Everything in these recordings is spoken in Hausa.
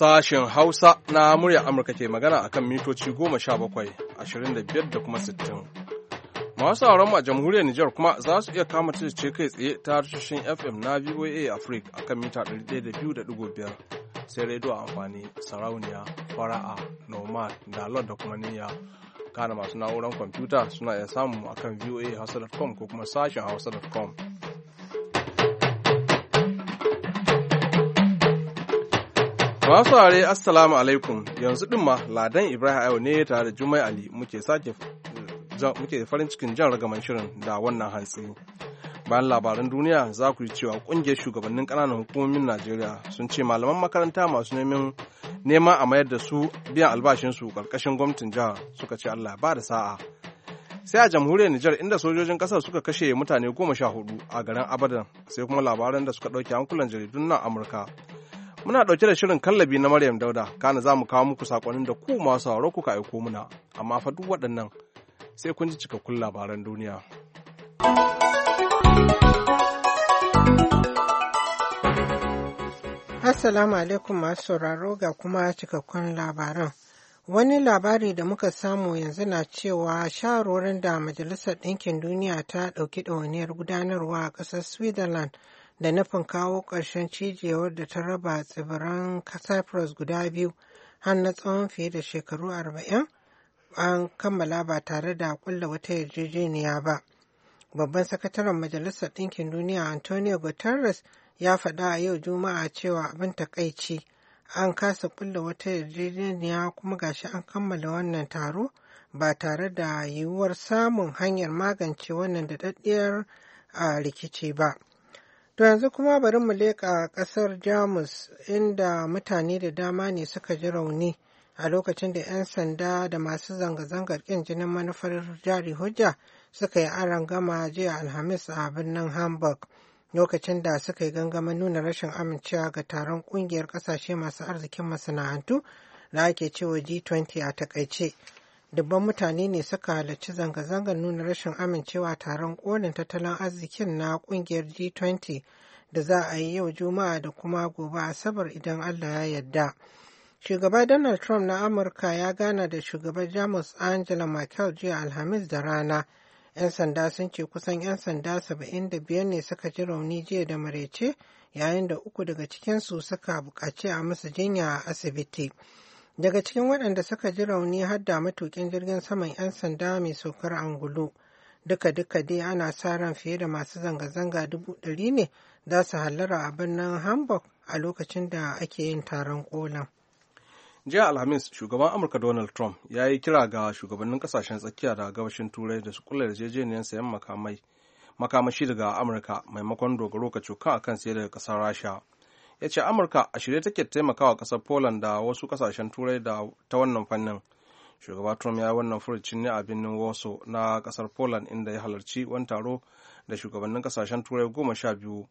Sashen Hausa na murya Amurka ke magana a kan mitoci goma sha bakwai, ashirin da biyar da kuma sittin. Masu sauran a jamhuriyar Nijar kuma za su iya kama ce kai tsaye ta harshen FM na VOA Africa kan mita ɗari ɗaya da biyu biyar. Sai rediyo amfani sarauniya, fara'a, nomad dalot da kuma niyya. Kana masu na'urar kwamfuta suna iya samu akan voahausa.com ko kuma sashen hausa.com. Masu are assalamu alaikum yanzu ɗin ma ladan Ibrahim Ayo ne tare da Jumai Ali muke sake muke farin cikin jan ragaman shirin da wannan hantsi. Bayan labaran duniya za ku yi cewa ƙungiyar shugabannin ƙananan hukumomin Najeriya sun ce malaman makaranta masu neman nema a mayar da su biyan albashinsu ƙarƙashin gwamnatin jihar suka ce Allah ba da sa'a. Sai a jamhuriyar Nijar inda sojojin ƙasar suka kashe mutane goma sha hudu a garin Abadan sai kuma labaran da suka ɗauke hankulan jaridun nan Amurka Muna ɗauke da shirin kallabi na Maryam Dauda, kana za mu kawo muku saƙonin da ku masu sauraro kuka aiko muna, amma fa duk waɗannan sai kun ji cikakkun labaran duniya. Assalamu alaikum masu sauraro ga kuma cikakkun labaran. Wani labari da muka samu yanzu na cewa shawarorin da Majalisar Ɗinkin Duniya ta ɗauki ɗawainiyar gudanarwa a ƙasar Switzerland da nufin kawo ƙarshen cijewar da ta raba tsibiran cyprus guda biyu har na tsawon fiye da shekaru arba'in an kammala ba tare da kulla wata yarjejeniya ba babban sakataren majalisar ɗinkin duniya antonio guterres ya faɗa a yau juma'a cewa abin takaici an kasa kulla wata yarjejeniya kuma gashi an kammala wannan taro ba tare da yiwuwar samun hanyar magance wannan daɗaɗɗiyar rikici ba. To yanzu kuma bari mu leƙa ƙasar Jamus inda mutane da dama ne suka ji rauni a lokacin da 'yan sanda da masu zanga-zangar ƙin jinin manufar jari hujja suka yi aron gama jiya Alhamis a birnin Hamburg lokacin da suka yi gangamin nuna rashin amincewa ga taron ƙungiyar ƙasashe masu arzikin masana'antu da ake cewa G20 a takaice. dubban mutane ne suka halarci zanga-zangar nuna rashin amincewa taron kolin tattalin arzikin na kungiyar g20 da za a yi yau juma'a da kuma gobe asabar idan allah ya yarda shugaba donald trump na amurka ya gana da shugaban jamus angela merkel jiya alhamis da rana 'yan sanda sun ce kusan 'yan sanda 75 ne suka ji rauni jiya da marece yayin da uku daga cikinsu suka buƙaci a musu jinya a asibiti Daga cikin waɗanda suka ji rauni har da matukin jirgin saman 'yan sanda mai saukar angulu. Duka-duka dai ana sa ran fiye da masu zanga-zanga dubu ɗari ne za su hallara a birnin Hamburg a lokacin da ake yin taron kolan. jiya alhamis shugaban amurka donald trump ya yi kira ga shugabannin kasashen tsakiya da gabashin turai da su kula yarjejeniyar sayan makamashi daga amurka maimakon dogaro ka coka akan sayar daga kasar rasha ya ce amurka a shirye take taimakawa ƙasar poland da wasu kasashen turai da ta wannan fannin shugaba trump ya wannan furucin ne a birnin warsaw na ƙasar poland inda ya halarci wani taro da shugabannin ƙasashen turai goma sha biyu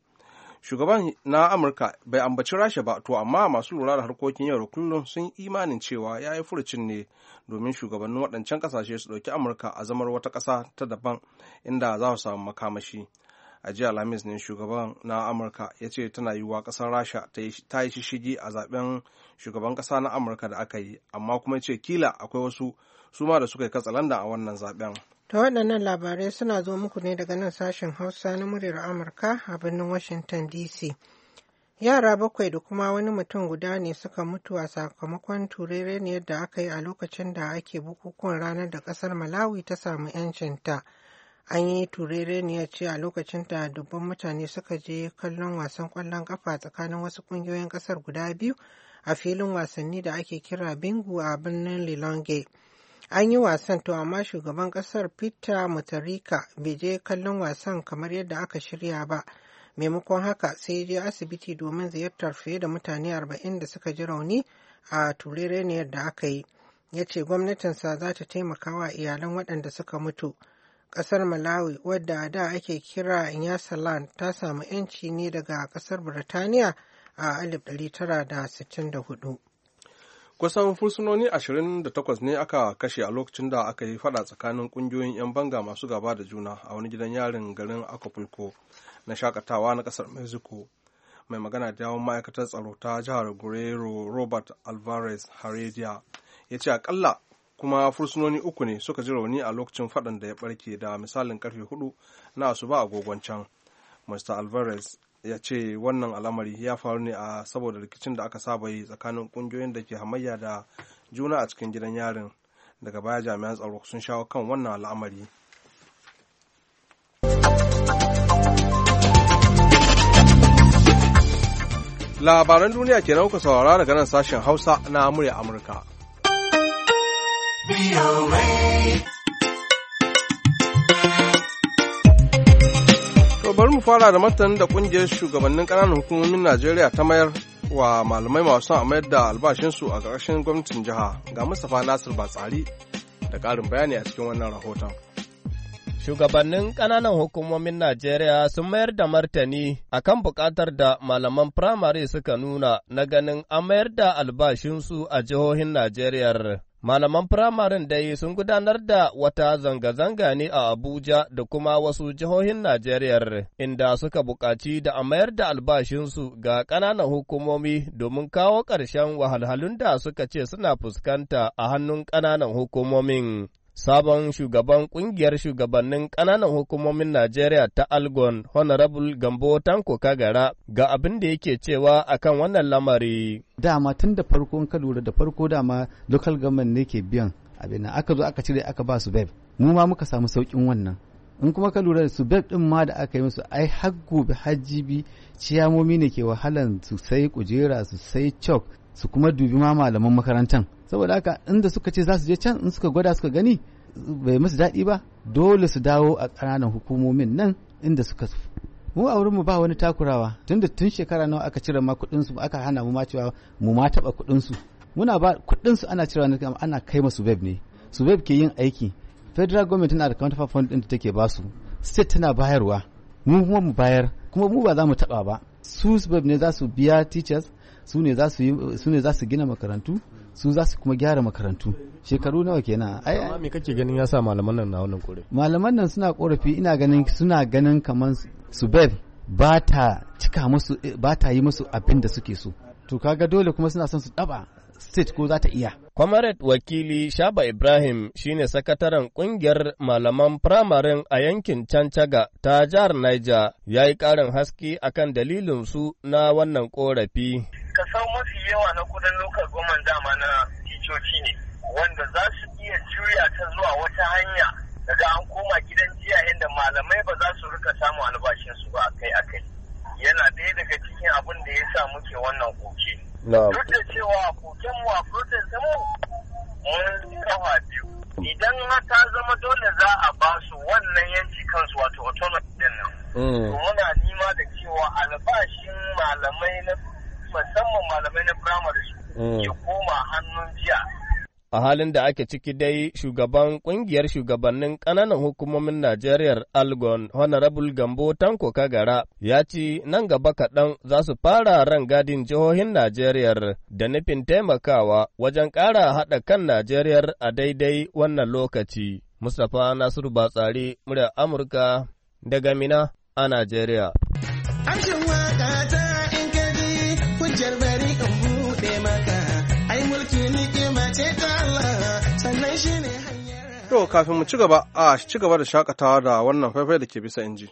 shugaban na amurka bai ambaci rasha ba to amma masu lura da harkokin yau da kullum sun yi imanin cewa ya yi furucin ne domin shugabannin waɗancan kasashe su ɗauki amurka a zamar wata ƙasa ta daban inda za su samu makamashi a jiya alhamis ne shugaban na amurka ya ce tana yiwuwa kasar rasha ta yi shishigi a zaben shugaban kasa na amurka da aka yi amma kuma ce kila akwai wasu suma da suka yi katsalanda a wannan zaben ta waɗannan labarai suna zo muku ne daga nan sashen hausa na muryar amurka a birnin washington dc yara bakwai da kuma wani mutum guda ne suka mutu a sakamakon turere ne yadda aka yi a lokacin da ake bukukuwan ranar da ƙasar malawi ta samu 'yancinta. ta an yi turereniyar ce a lokacin da dubban mutane suka je kallon wasan kwallon kafa tsakanin wasu kungiyoyin kasar guda biyu a filin wasanni da ake kira bingu a birnin lilonge an yi wasan to amma shugaban kasar peter mutarika bai je kallon wasan kamar yadda aka shirya ba maimakon haka sai je asibiti domin ziyartar fiye da mutane arba'in da suka ji rauni a turereniyar da aka yi ya ce gwamnatinsa za ta taimakawa iyalan waɗanda suka mutu Ƙasar Malawi wadda a da ake kira Nyasaland ta samu 'yanci ne daga ƙasar Birtaniya a 1964. Kusan fursunoni 28 ne aka kashe a lokacin da aka yi fada tsakanin kungiyoyin 'yan banga masu gaba da juna a wani gidan yarin garin Acapulco na shakatawa na ƙasar Mexico. Mai magana da yawon ma'aikatar tsaro ta jihar Guerrero Robert Alvarez haredia ya ce akalla kuma fursunoni uku ne suka ji rauni a lokacin faɗan da ya barke da misalin karfe hudu na asuba agogon can mr alvarez ya ce wannan al'amari ya faru ne a saboda rikicin da aka saba yi tsakanin kungiyoyin da ke hamayya da juna a cikin gidan yarin daga baya jami'an tsaro sun shawo kan wannan al'amari labaran duniya kenan kuka saurara daga nan sashen hausa na murya amurka bari mu fara da martanin da kungiyar shugabannin ƙananan hukumomin Najeriya ta mayar wa malamai masu son a mayar da albashinsu a ƙarƙashin gwamnatin jiha ga Mustapha Nasir Batsari da ƙarin bayani a cikin wannan rahoton. Shugabannin ƙananan hukumomin Najeriya sun mayar da martani a kan buƙatar da malaman firamare suka nuna na ganin an mayar da albashinsu a jihohin Najeriya. Malaman firamaren dai sun gudanar da wata zanga-zanga ne a Abuja da kuma wasu jihohin Najeriya inda suka buƙaci da a mayar da albashinsu ga ƙananan hukumomi domin kawo ƙarshen wahalhalun da suka ce suna fuskanta a hannun ƙananan hukumomin. sabon shugaban kungiyar shugabannin kananan hukumomin Najeriya ta Algon Honorable Gambo Tanko Kagara ga abin da yake cewa akan wannan lamari. Dama tun da farko ka lura da farko dama local government ne ke biyan abin aka zo aka cire aka ba su beb mu ma muka samu saukin wannan in kuma ka lura da su beb din ma da aka yi musu ai har gobe har jibi ciyamomi ne ke wahalan su sai kujera su sai chalk su kuma dubi ma malaman makarantar saboda haka inda suka ce za su je can in suka gwada suka gani bai musu daɗi ba dole su dawo a ƙananan hukumomin nan inda suka mu a mu ba wani takurawa tunda tun shekara nawa aka cire ma kuɗin su aka hana mu ma cewa mu ma taɓa kuɗin su muna ba kuɗin su ana cirewa ne ana kai ma subeb ne subeb ke yin aiki federal government tana da counterpart fund ɗin da take ba su state tana bayarwa mu kuma mu bayar kuma mu ba za mu taɓa ba su subeb ne za su biya teachers su ne za su gina makarantu su za su kuma gyara makarantu shekaru nawa kenan ai amma me kake ganin ya sa malaman nan na wannan kore. malaman nan suna korafi ina ganin suna ganin kamar su beb ba ta cika musu yi musu abin da suke so to kaga dole kuma suna son su daba state ko za ta iya Comrade wakili Shaba Ibrahim shine sakataren kungiyar malaman firamare a yankin Cancaga ta jihar Niger ya yi ƙarin haske akan dalilin su na wannan korafi kasau mafi yawa na kudin lokar goma dama na ticoci ne wanda za su iya juya ta zuwa wata hanya daga an koma gidan jiya da malamai ba za su rika samu albashinsu ba a akai yana ɗaya daga cikin abin da ya sa muke wannan koke duk da cewa koken mu a protest mu mun kawa biyu idan ta zama dole za a ba su wannan yanci kansu wato autonomy din nan mm. muna nima da cewa albashin malamai na musamman malamai na mm. ya koma hannun jiya. A halin da ake ciki dai shugaban kungiyar shugabannin ƙananan hukumomin Najeriya Algon Honorable Gambo Tanko Kagara ya ce nan gaba kaɗan za su fara rangadin jihohin Najeriya da nufin taimakawa wajen ƙara haɗa kan Najeriya a daidai wannan lokaci. Mustapha Nasiru Batsari, murya Amurka daga Mina a Najeriya. To kafin mu ci gaba a ci gaba da shakatawa da wannan faifai da ke bisa inji.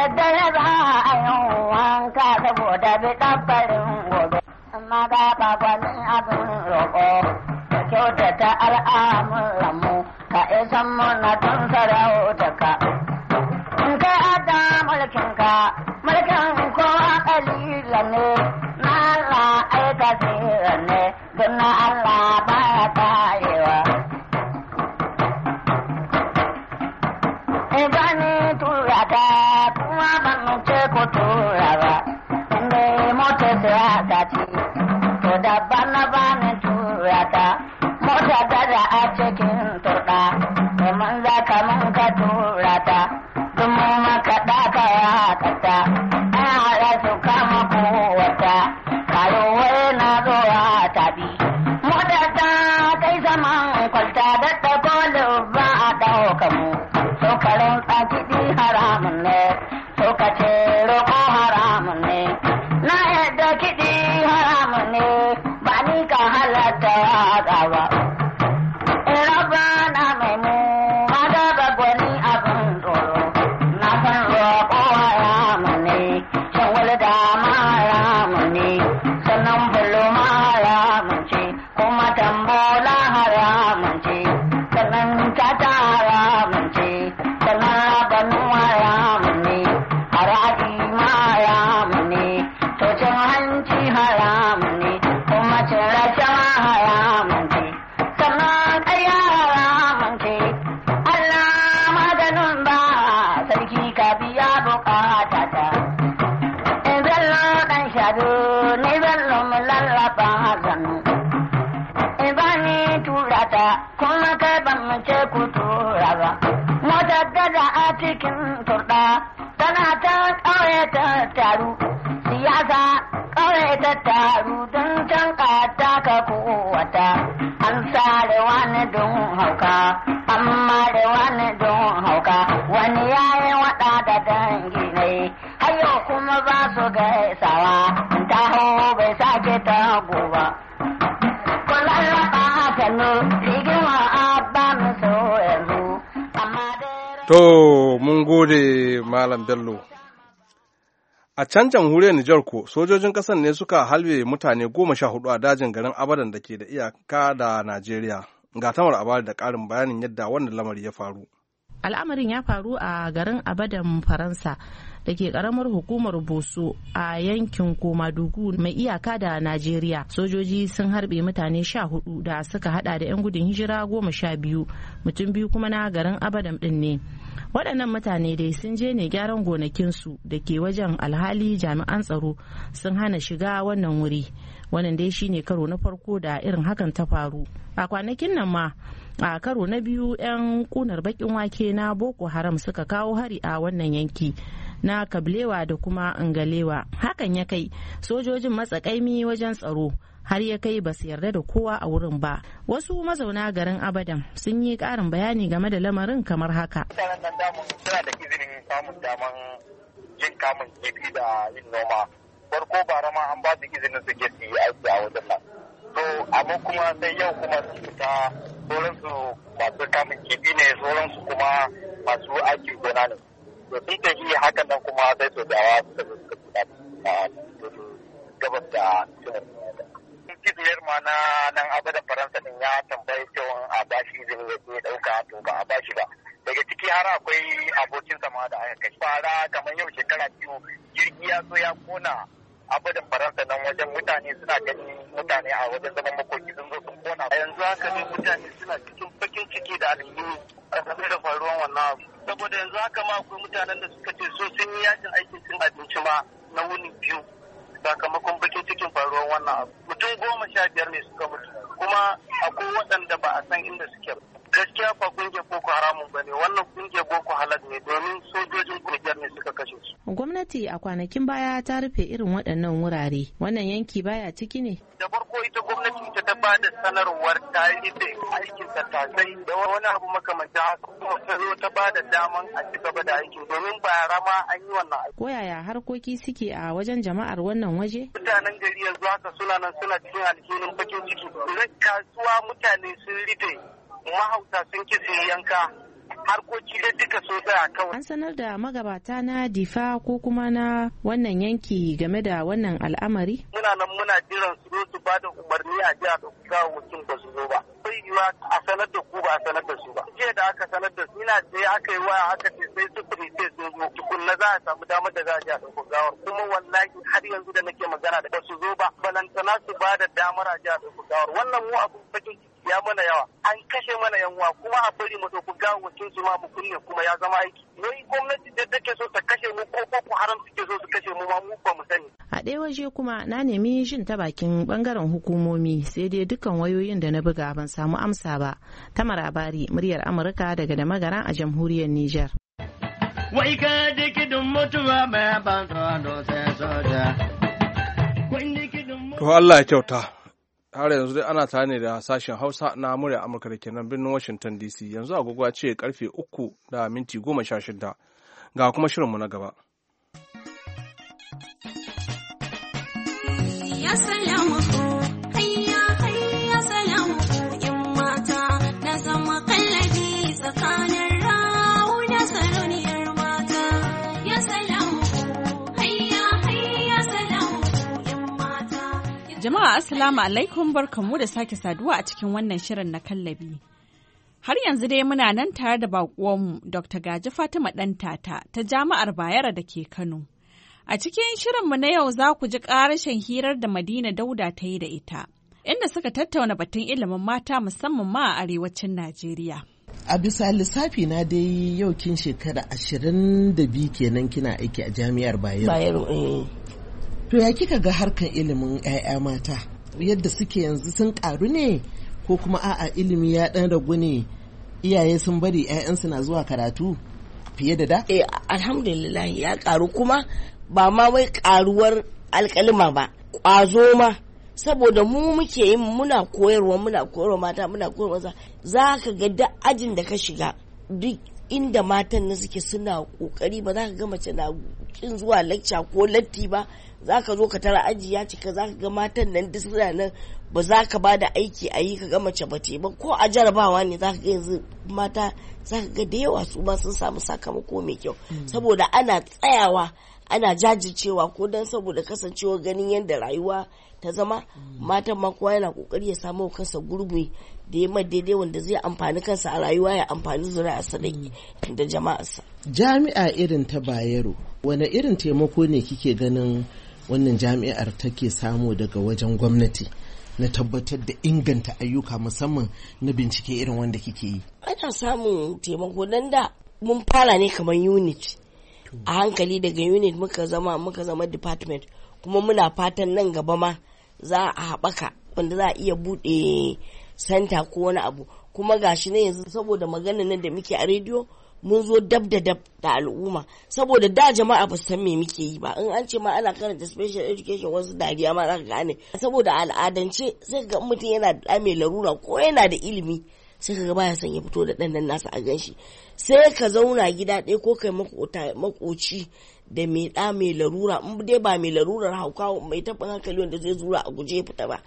daddare za a yi wanka saboda bi ɗabbarin gobe. Amma ga bakwanin abin roƙo, ka kyautata al'amuranmu, ka isan mu na tun sarau daraja a cikin turɗa, domin za ka mun A can jamhuriyar Nijar ko sojojin ƙasar ne suka halbe mutane goma sha hudu a dajin garin Abadan da ke da iyaka da Najeriya. Ga tamar a da ƙarin bayanin yadda wannan lamari ya faru. Al'amarin ya faru a garin Abadan Faransa da ke karamar hukumar boso a yankin komadugu mai iyaka da najeriya sojoji sun harbe mutane sha hudu da suka hada da 'yan gudun hijira goma sha biyu mutum biyu kuma na garin Abadan ɗin ne waɗannan mutane dai sun je ne gyaran gonakinsu da ke wajen alhali jami'an tsaro sun hana shiga wannan wuri wannan dai shine karo na farko da irin hakan ta faru a kwanakin nan ma a karo na biyu 'yan kunar bakin wake na boko haram suka kawo hari a wannan yanki na kablewa da kuma ingalewa hakan ya kai sojojin matsakaimi wajen tsaro har ya kai ba su yarda da kowa a wurin ba wasu mazauna garin abadan sun yi karin bayani game da lamarin kamar haka suna da izinin samun daman yin kamun kifi da yin noma farko bara ma an ba su izinin su je su yi aiki a wajen nan to amma kuma sai yau kuma su fita sauransu masu kamun kifi ne sauransu kuma masu aikin gona ne to sun tafi hakan nan kuma sai sojawa suka zo suka fita ah, gabas da cibiyar ma na nan abadan faransa din ya tambayi cewa a bashi izini ya je dauka to ba a bashi ba daga ciki har akwai abokin sama da aka kashe fara kamar yau shekara biyu jirgi ya zo ya kona abadan faransa nan wajen mutane suna gani mutane a wajen zaman makoki sun zo sun kona yanzu haka ne mutane suna cikin bakin ciki da alhini a da faruwan wannan abu saboda yanzu haka ma akwai mutanen da suka ce so sun yi yakin aikin cin abinci ma na wuni biyu sakamakon bakin cikin faruwar wannan abu mutum goma sha biyar ne suka mutu kuma akwai waɗanda ba a san inda suke ba gaskiya ba kungiyar boko haramun ba ne wannan kungiyar boko halal ne domin sojojin kungiyar ne suka kashe su gwamnati a kwanakin baya ta rufe irin waɗannan wurare wannan yanki baya ciki ne ba da sanarwar ta yi da aikin ta sai da wani abu makamancin haka kuma ta ta ba da daman a ci gaba da aikin domin ba rama an yi wannan aiki. Koyaya harkoki suke a wajen jama'ar wannan waje? Mutanen gari yanzu haka suna nan suna cikin alhinin bakin ciki. Kasuwa mutane sun rufe mahauta sun kisa yanka harkoki da duka tsaya kawai. An sanar da magabata na difa ko kuma na wannan yanki game da wannan al'amari? Muna nan muna jiran su zo su ba da umarni a jiya da gawawakin ba su zo ba. Bai yiwa a sanar da ku ba a sanar da su ba. Jiya da aka sanar da su ina ce aka yi waya aka ce sai sufuri sai su zo tukunna za a samu damar da za a ji a ɗauko gawar. Kuma wallahi har yanzu da nake magana da ba su zo ba. Balantana su ba da damar a ji a ɗauko gawar. Wannan mu abin bakin ya mana yawa an kashe mana yanwa kuma a bari mu ɗauki gawakin su ma mu kunne kuma ya zama aiki mai gwamnati da take so ta kashe mu ko ko haram suke so su kashe mu ma mu ba mu sani a ɗaya waje kuma na nemi jin ta bakin bangaren hukumomi sai dai dukkan wayoyin da na buga ban samu amsa ba ta marabari muryar amurka daga da magara a jamhuriyar niger wai ka mutuwa ba ban tsoro sai soja To Allah ya kyauta. har yanzu dai ana tare da sashen hausa na murya amurka da kenan birnin washington dc yanzu agogo ce karfe uku da minti goma sha shida ga kuma shirinmu na gaba. Jama'a Assalamu alaikum barkamu da sake saduwa a cikin wannan shirin na kallabi. Har yanzu dai muna nan tare da mu Dr. Gaji Fatima tata ta jama'ar Bayero da ke Kano. A cikin shirin mu na yau za ku ji ƙarashin hirar da Madina Dauda ta yi da ita, inda suka tattauna batun ilimin mata musamman ma a arewacin Najeriya. A bisa lissafi na dai yau kin shekara ashirin da biyu kenan kina aiki a jami'ar Bayero. Bayero eh. To ya kika ga harkan ilimin 'ya'ya mata yadda suke yanzu sun karu ne ko kuma a'a ilimi ya ɗan ragu ne iyaye sun bari 'ya'yansu na zuwa karatu fiye da da? Eh alhamdulillah ya karu kuma ba ma mai karuwar alkalima ba ƙwazo ma saboda mu muke yin muna koyarwa muna koyarwa mata muna koyarwa za ka ga da ajin da ka shiga duk inda matan na suke suna kokari ba za ka ga mace na kin zuwa lacca ko latti ba za ka zo ka tara aji ya cika za ka ga matan nan duk suna nan ba za ka ba da aiki a yi ka ga mace ba ba ko a jarabawa ne za ka ga yanzu mata za ka ga da yawa su ma sun samu sakamako mai kyau hmm. saboda ana tsayawa ana jajircewa ko don saboda kasancewa ganin yadda rayuwa ta zama hmm. matan ma kowa yana kokari ya samu kansa gurbi da ya mai daidai wanda zai amfani kansa a rayuwa ya amfani zuri'arsa da jama'arsa. Jami'a irin ta Bayero, wane irin taimako ne kike ganin wannan jami'ar take samu daga wajen gwamnati? na tabbatar da inganta ayyuka musamman na bincike irin wanda kike yi. Ana samun taimako nan da mun fara ne kamar unit. A hankali daga unit muka zama muka zama department kuma muna fatan nan gaba ma za a haɓaka wanda za a iya buɗe santa ko wani abu kuma gashi ne yanzu saboda maganar nan da muke a rediyo mun zo dab da dab da al'umma saboda da jama'a ba san me muke yi ba in an ce ma ana karanta special education wasu dariya ma zaka gane saboda al'adance sai ga mutum yana da mai larura ko yana da ilimi sai ka ga baya son ya fito da dan nan nasa a ganshi sai ka zauna gida ɗaya ko kai makoci da mai ɗa mai larura in dai ba mai larurar hauka mai tabbatar hankali wanda zai zura a guje ya fita ba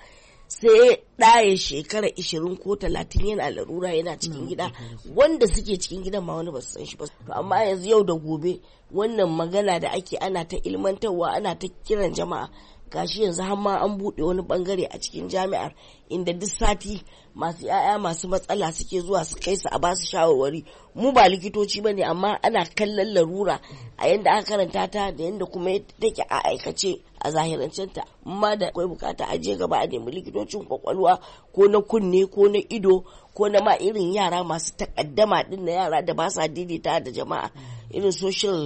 sai ɗaya shekara ishirin ko talatin yana larura yana cikin mm, gida mm, mm. wanda suke cikin gidan ma wani ba san shi ba to amma yanzu yau da gobe wannan magana da ake ana ta ilmantarwa ana ta kiran jama'a gashi yanzu har ma an buɗe wani bangare a cikin jami'ar inda duk sati masu 'ya'ya masu matsala suke zuwa su kai su a ba su shawarwari mu ba likitoci ba ne amma ana kallon larura a yadda aka karanta ta da yadda kuma take a aikace a zahirancen ta amma da akwai bukata a je gaba a nemi likitocin kwakwalwa ko na kunne ko na ido ko na ma irin yara masu takaddama din na yara da ba sa daidaita da jama'a irin social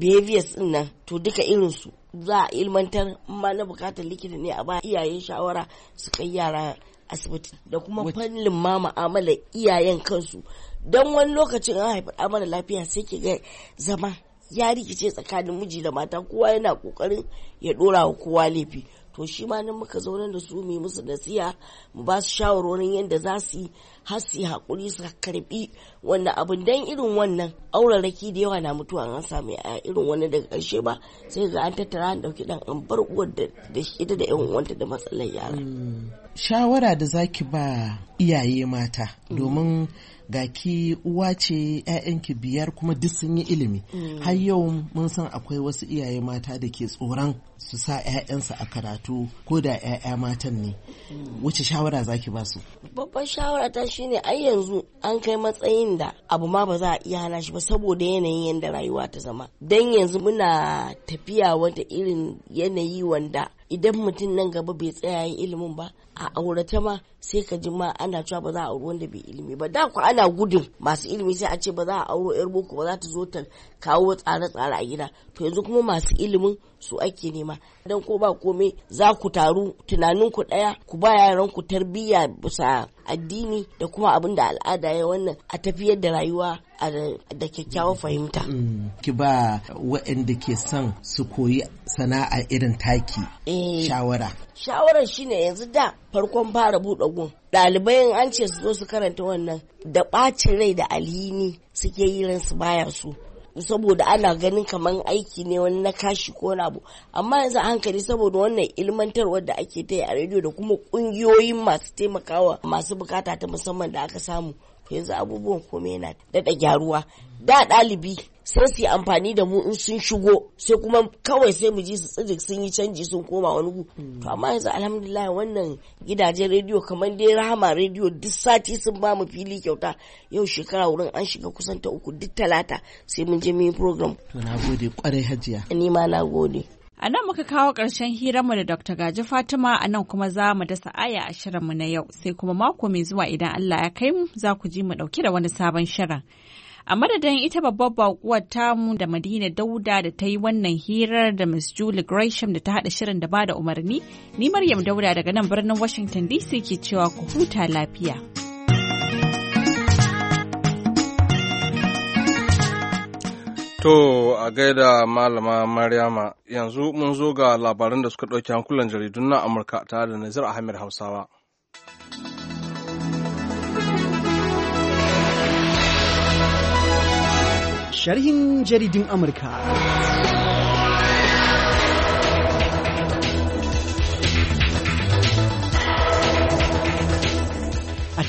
behaviors din nan to duka irin su za a ilmantar ma na bukatar likita ne a ba iyaye shawara su kai yara asibiti da kuma fannin ma ma'amala iyayen kansu don wani lokacin an haifar amana lafiya sai ki ga zama ya rikice tsakanin miji da mata kowa yana kokarin ya dora wa kowa laifi to shi ma nan muka zaunar da su mu musu nasiha mu ba su shawarwarin yadda za su yi har su hakuri su karbi wannan abin dan irin wannan auraraki da yawa na mutuwa an samu a irin wani daga ƙarshe ba sai ga an tattara an dauki dan an bar uwar da ita da 'yawan uwanta da matsalar yara hmm. shawara da zaki ba iyaye mata hmm. domin ga ki uwa ce ki biyar kuma duk sun yi ilimi mm. har yau mun san akwai wasu iyaye mata da ke tsoron su sa 'ya'yansu a karatu ko da 'ya'ya matan ne mm. wace shawara zaki ba su babban shawara ta shine ai yanzu an kai matsayin da abu ma ba za a iya hana shi ba saboda yanayin yadda rayuwa ta zama dan yanzu muna tafiya wata irin yanayi wanda idan mutum nan gaba bai tsaya ilimin ba a aurata ma sai ka ji ma ana cewa ba za a auri wanda bai ilimi ba da ku ana gudun masu ilimi sai a ce ba za a auro yar boko ba za ta zo ta kawo tsare-tsare a gida to yanzu kuma masu ilimin su ake nema Idan ko ba komai za ku taru tunanin ku ɗaya ku ba yaran ku tarbiyya bisa addini da kuma abin da al'ada ya wannan a tafiyar da rayuwa da kyakkyawar fahimta. Mm, ki ba waɗanda ke son su koyi sana'a irin taki eh, shawara. Shawarar shine yanzu da farkon fara buɗe gun. Ɗalibai an ce su zo su karanta wannan da ɓacin rai da alhini suke yi ransu baya su. saboda ana ganin kamar aiki ne wani na kashi ko na abu amma yanzu hankali saboda wannan ilmantarwar da ake ta yi a rediyo da kuma kungiyoyin masu taimakawa masu bukata ta musamman da aka samu yanzu abubuwan komai yana daɗa gyaruwa da ɗalibi sai su yi amfani da mu in sun shigo sai kuma kawai sai mu ji su tsidik sun yi canji sun koma wani gu to amma yanzu alhamdulillah wannan gidajen rediyo kamar dai rahama rediyo duk sati sun ba mu fili kyauta yau shekara wurin an shiga kusan ta uku duk talata sai mun je mun program to na gode kwarai hajiya ni ma na gode A nan muka kawo ƙarshen hiranmu da Dr. Gaji Fatima a nan kuma za mu dasa aya a shirinmu na yau sai kuma mako mai zuwa idan Allah ya kai mu za ku ji mu ɗauki da wani sabon shirin. A madadin ita babbar baƙuwar tamu da Madina Dauda da ta yi wannan hirar da Ms. Julie Gresham da ta haɗa shirin da ba da umarni, ni Maryam Dauda daga nan birnin Washington DC ke cewa ku huta lafiya. To a gaida malama Maryama yanzu mun zo ga labaran da suka ɗauki hankulan jaridun na Amurka tare da Nazir Ahmed Hausawa. sharhin jaridin Amurka.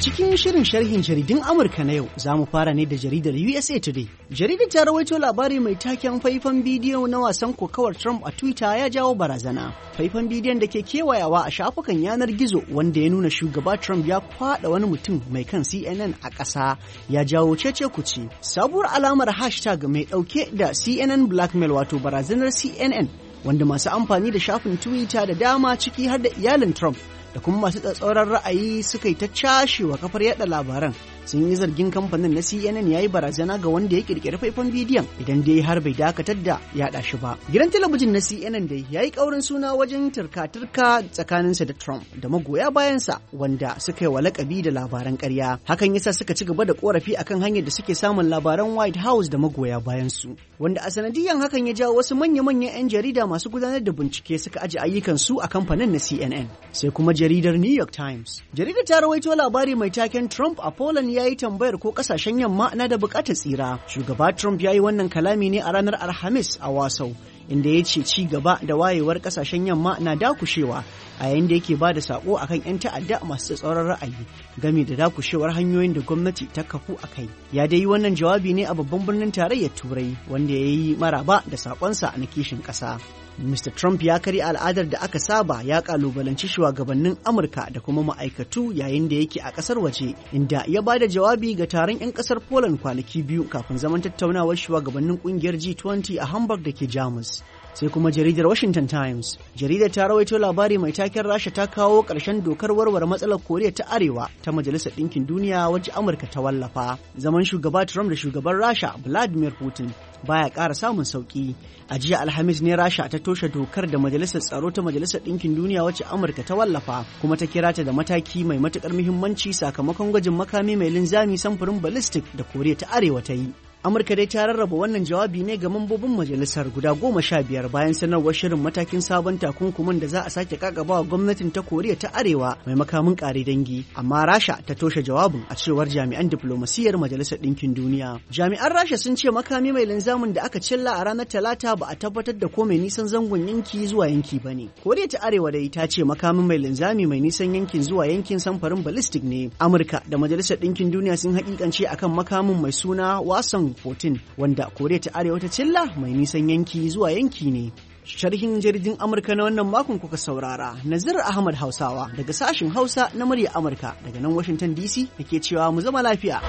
cikin shirin sharhin jaridun Amurka na yau za mu fara ne da jaridar USA Today. Jaridar ta rawaito labari mai taken faifan bidiyo na wasan kokawar Trump a Twitter ya jawo barazana. Faifan bidiyon da ke kewayawa a shafukan yanar gizo wanda ya nuna shugaba Trump ya kwaɗa wani mutum mai kan CNN a ƙasa ya jawo cece kuce. Sabuwar alamar hashtag mai ɗauke da CNN blackmail wato barazanar CNN wanda masu amfani da shafin Twitter da dama ciki har da iyalin Trump da kuma masu tsatsauran ra'ayi suka yi ta cashewa kafar yada labaran sun yi zargin kamfanin na CNN ya yi barazana ga wanda ya kirkiri faifan bidiyon idan dai har bai dakatar da yaɗa shi ba. Gidan talabijin na CNN dai ya yi ƙaurin suna wajen turka-turka tsakaninsa da Trump da magoya bayansa wanda suka yi wa lakabi da labaran karya Hakan yasa suka ci gaba da ƙorafi akan hanyar da suke samun labaran White House da magoya bayansu. Wanda a sanadiyan hakan ya jawo wasu manya-manyan 'yan jarida masu gudanar da bincike suka aji ayyukansu a kamfanin na CNN. Sai kuma jaridar New York Times. Jaridar ta rawaito labari mai taken Trump a Poland ya yi tambayar ko kasashen yamma na da bukatar tsira. Shugaba Trump ya yi wannan kalami ne a ranar Alhamis a Wasau, inda ya ce ci gaba da wayewar kasashen yamma na dakushewa a yayin da yake ba da sako kan 'yan ta'adda masu tsatsauran ra'ayi game da dakushewar hanyoyin da gwamnati ta kafu a kai. Ya dai yi wannan jawabi ne a babban birnin tarayyar Turai wanda ya yi maraba da sakonsa na kishin ƙasa. Mr. Trump ya karya al'adar da aka saba ya kalubalanci shugabannin Amurka da kuma ma'aikatu yayin da yake a kasar waje, inda ya ba da jawabi ga taron 'yan kasar Poland kwanaki biyu kafin zaman tattaunawar shugabannin kungiyar G20 a Hamburg da ke Jamus. sai kuma jaridar Washington Times. Jaridar ta rawaito labari mai taken Rasha ta kawo ƙarshen dokar warware matsalar Koriya ta Arewa ta Majalisar Ɗinkin Duniya wacce Amurka ta wallafa. Zaman shugaba Trump da shugaban Rasha Vladimir Putin baya ƙara samun sauƙi. A jiya Alhamis ne Rasha ta toshe dokar da Majalisar Tsaro ta Majalisar Ɗinkin Duniya wacce Amurka ta wallafa kuma ta kira ta da mataki mai matuƙar muhimmanci sakamakon gwajin makami mai linzami samfurin ballistic da Koriya ta Arewa ta yi. amurka dai ta rarraba wannan jawabi ne ga mambobin majalisar guda goma sha biyar bayan sanarwar shirin matakin sabon takunkumin da za a sake kakabawa gwamnatin ta koriya ta arewa mai makamin kare dangi amma rasha ta toshe jawabin a cewar jami'an diflomasiyyar majalisar ɗinkin duniya jami'an rasha sun ce makami mai linzamin da aka cilla a ranar talata ba a tabbatar da ko mai nisan zangon yanki zuwa yanki ba ne koriya ta arewa dai ta ce makamin mai linzami mai nisan yankin zuwa yankin samfarin ballistic ne amurka da majalisar ɗinkin duniya sun hakikance akan makamin mai suna wasan 14 wanda Koriya ta Arewa ta cilla mai nisan yanki zuwa yanki ne. Sharhin jaridin Amurka na wannan makon kuka saurara, Nazir Ahmad Hausawa daga sashin Hausa na murya Amurka daga nan Washington DC da ke cewa mu zama lafiya.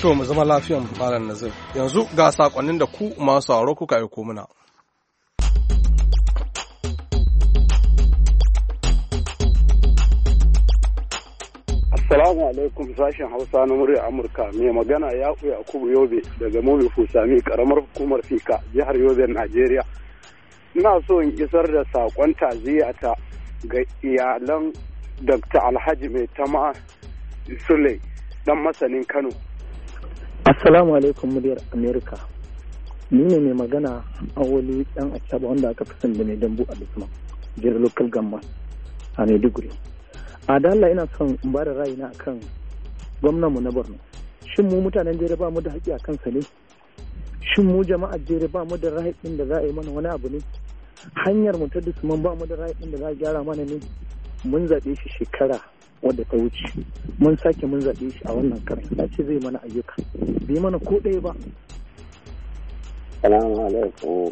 To mu zama lafiyan Malam Nazir. Yanzu ga sakonnin da ku masu sauraro kuka aiko mana. Assalamu alaikum sashen Hausa na murya Amurka mai magana ya Yakubu Yobe daga Mobi Fusami karamar hukumar Fika jihar Yobe Najeriya. Ina so in isar da sakon ta ga iyalan Dr. Alhaji Mai Tama Sule dan masanin Kano. Assalamu alaikum muryar Amerika. Ni ne mai magana awali dan Acaba wanda aka fi sanda mai dambu a Lisman, jihar Local Gamma a Maiduguri. a ina son in ba da ra'ayina akan gwamnanmu na Borno shin mu mutanen jere ba mu da haƙƙi a kansa ne shin mu jama'ar jere ba mu da ra'ayin da za a yi mana wani abu ne hanyar mu ta dusman ba mu da ra'ayin da za a gyara mana ne mun zaɓe shi shekara wadda ta wuce mun sake mun zaɓe shi a wannan karin ya ce zai mana ayyuka bai mana ko ɗaya ba salamu alaikum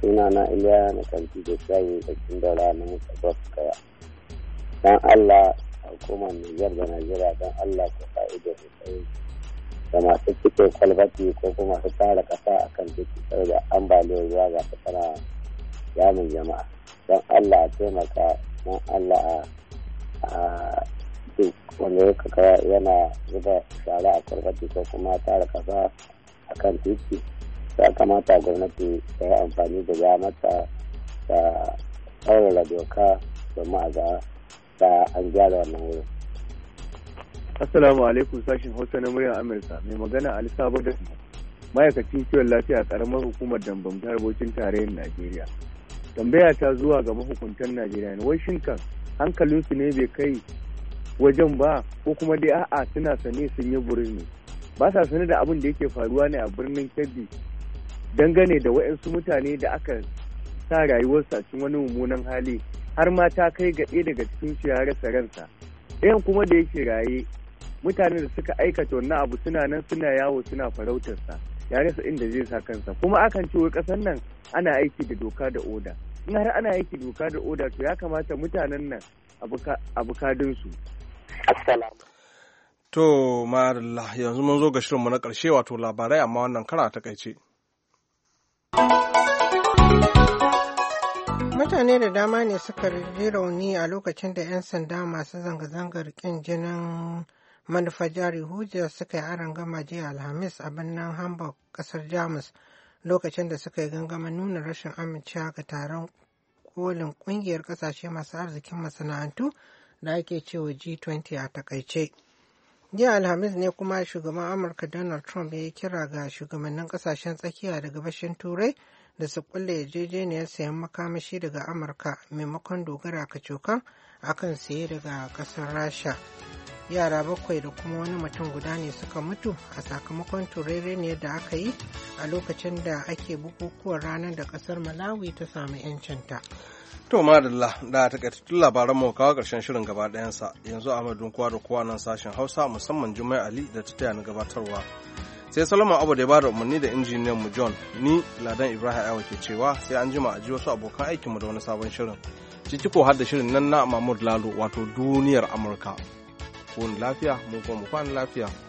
suna na iliya na kanti da shayin da kin daura na mutu kaya dan Allah hukumar Nijar da Najeriya dan Allah ku fa'ida da masu cike kwalbati ko kuma su tara kasa a kan ciki saboda ambaliyar ruwa ga su tsara yamin jama'a Dan Allah a taimaka don Allah a duk wanda ya kaka yana zuba shara a kwalbati ko kuma tara kasa a kan titi ya kamata gwamnati ta yi amfani da ya damata da tsaurara doka domin a ga da an gyara wannan wurin. Assalamu alaikum sashin Hausa na muryar Amurka mai magana Ali Sabo da ma'aikacin kiwon lafiya karamar hukumar Dambam ta harbocin tarayyar Najeriya. Tambaya ta zuwa ga mahukuntan Najeriya ne wai shinkan hankalinsu ne bai kai wajen ba ko kuma dai a'a suna sane sun yi burin ne ba sa sane da abin da yake faruwa ne a birnin Kebbi dangane da waɗansu mutane da aka sa rayuwarsa cikin wani mummunan hali har ma ta kai ga ɗaya daga cikin su ya rasa ransa ɗayan kuma da yake raye mutanen da suka aikata wannan abu suna nan suna yawo suna farautarsa ya rasa inda zai sa kansa kuma akan ce wai ƙasar nan ana aiki da doka da oda in har ana aiki doka da oda to ya kamata mutanen nan abukadinsu to to yanzu mun zo ga shirinmu na karshe wato labarai amma wannan kara takaice. mutane da dama ne suka ji rauni a lokacin da 'yan sanda masu zanga-zangar kin jinin manufa jari hujja suka yi aron gama jiya alhamis a birnin hamburg kasar jamus lokacin da suka yi gangamin nuna rashin amincewa ga taron kolin kungiyar kasashe masu arzikin masana'antu da ake cewa g20 a takaice jiya alhamis ne kuma shugaban amurka donald trump ya yi kira ga shugabannin kasashen tsakiya da gabashin turai da su kulle yarjejeniyar sayan makamashi daga amurka maimakon dogara ka kacokan akan saye daga kasar rasha yara bakwai da kuma wani mutum guda ne suka mutu a sakamakon turereniyar da aka yi a lokacin da ake bukukuwan ranar da kasar malawi ta samu 'yancinta to madalla da takaitattun labaran mu kawo karshen shirin gaba ɗayansa yanzu a madun kowa da kowa nan sashen hausa musamman juma'a ali da ta taya na gabatarwa sai solomon abu da ya bada umarni da injiniyan mu john ni ladan ibrahim ya ke cewa sai an jima a ji wasu abokan aikin mu da wani sabon shirin ciki ko har da shirin nan na mahmud lalo wato duniyar amurka ko lafiya mu kuma mu kwana lafiya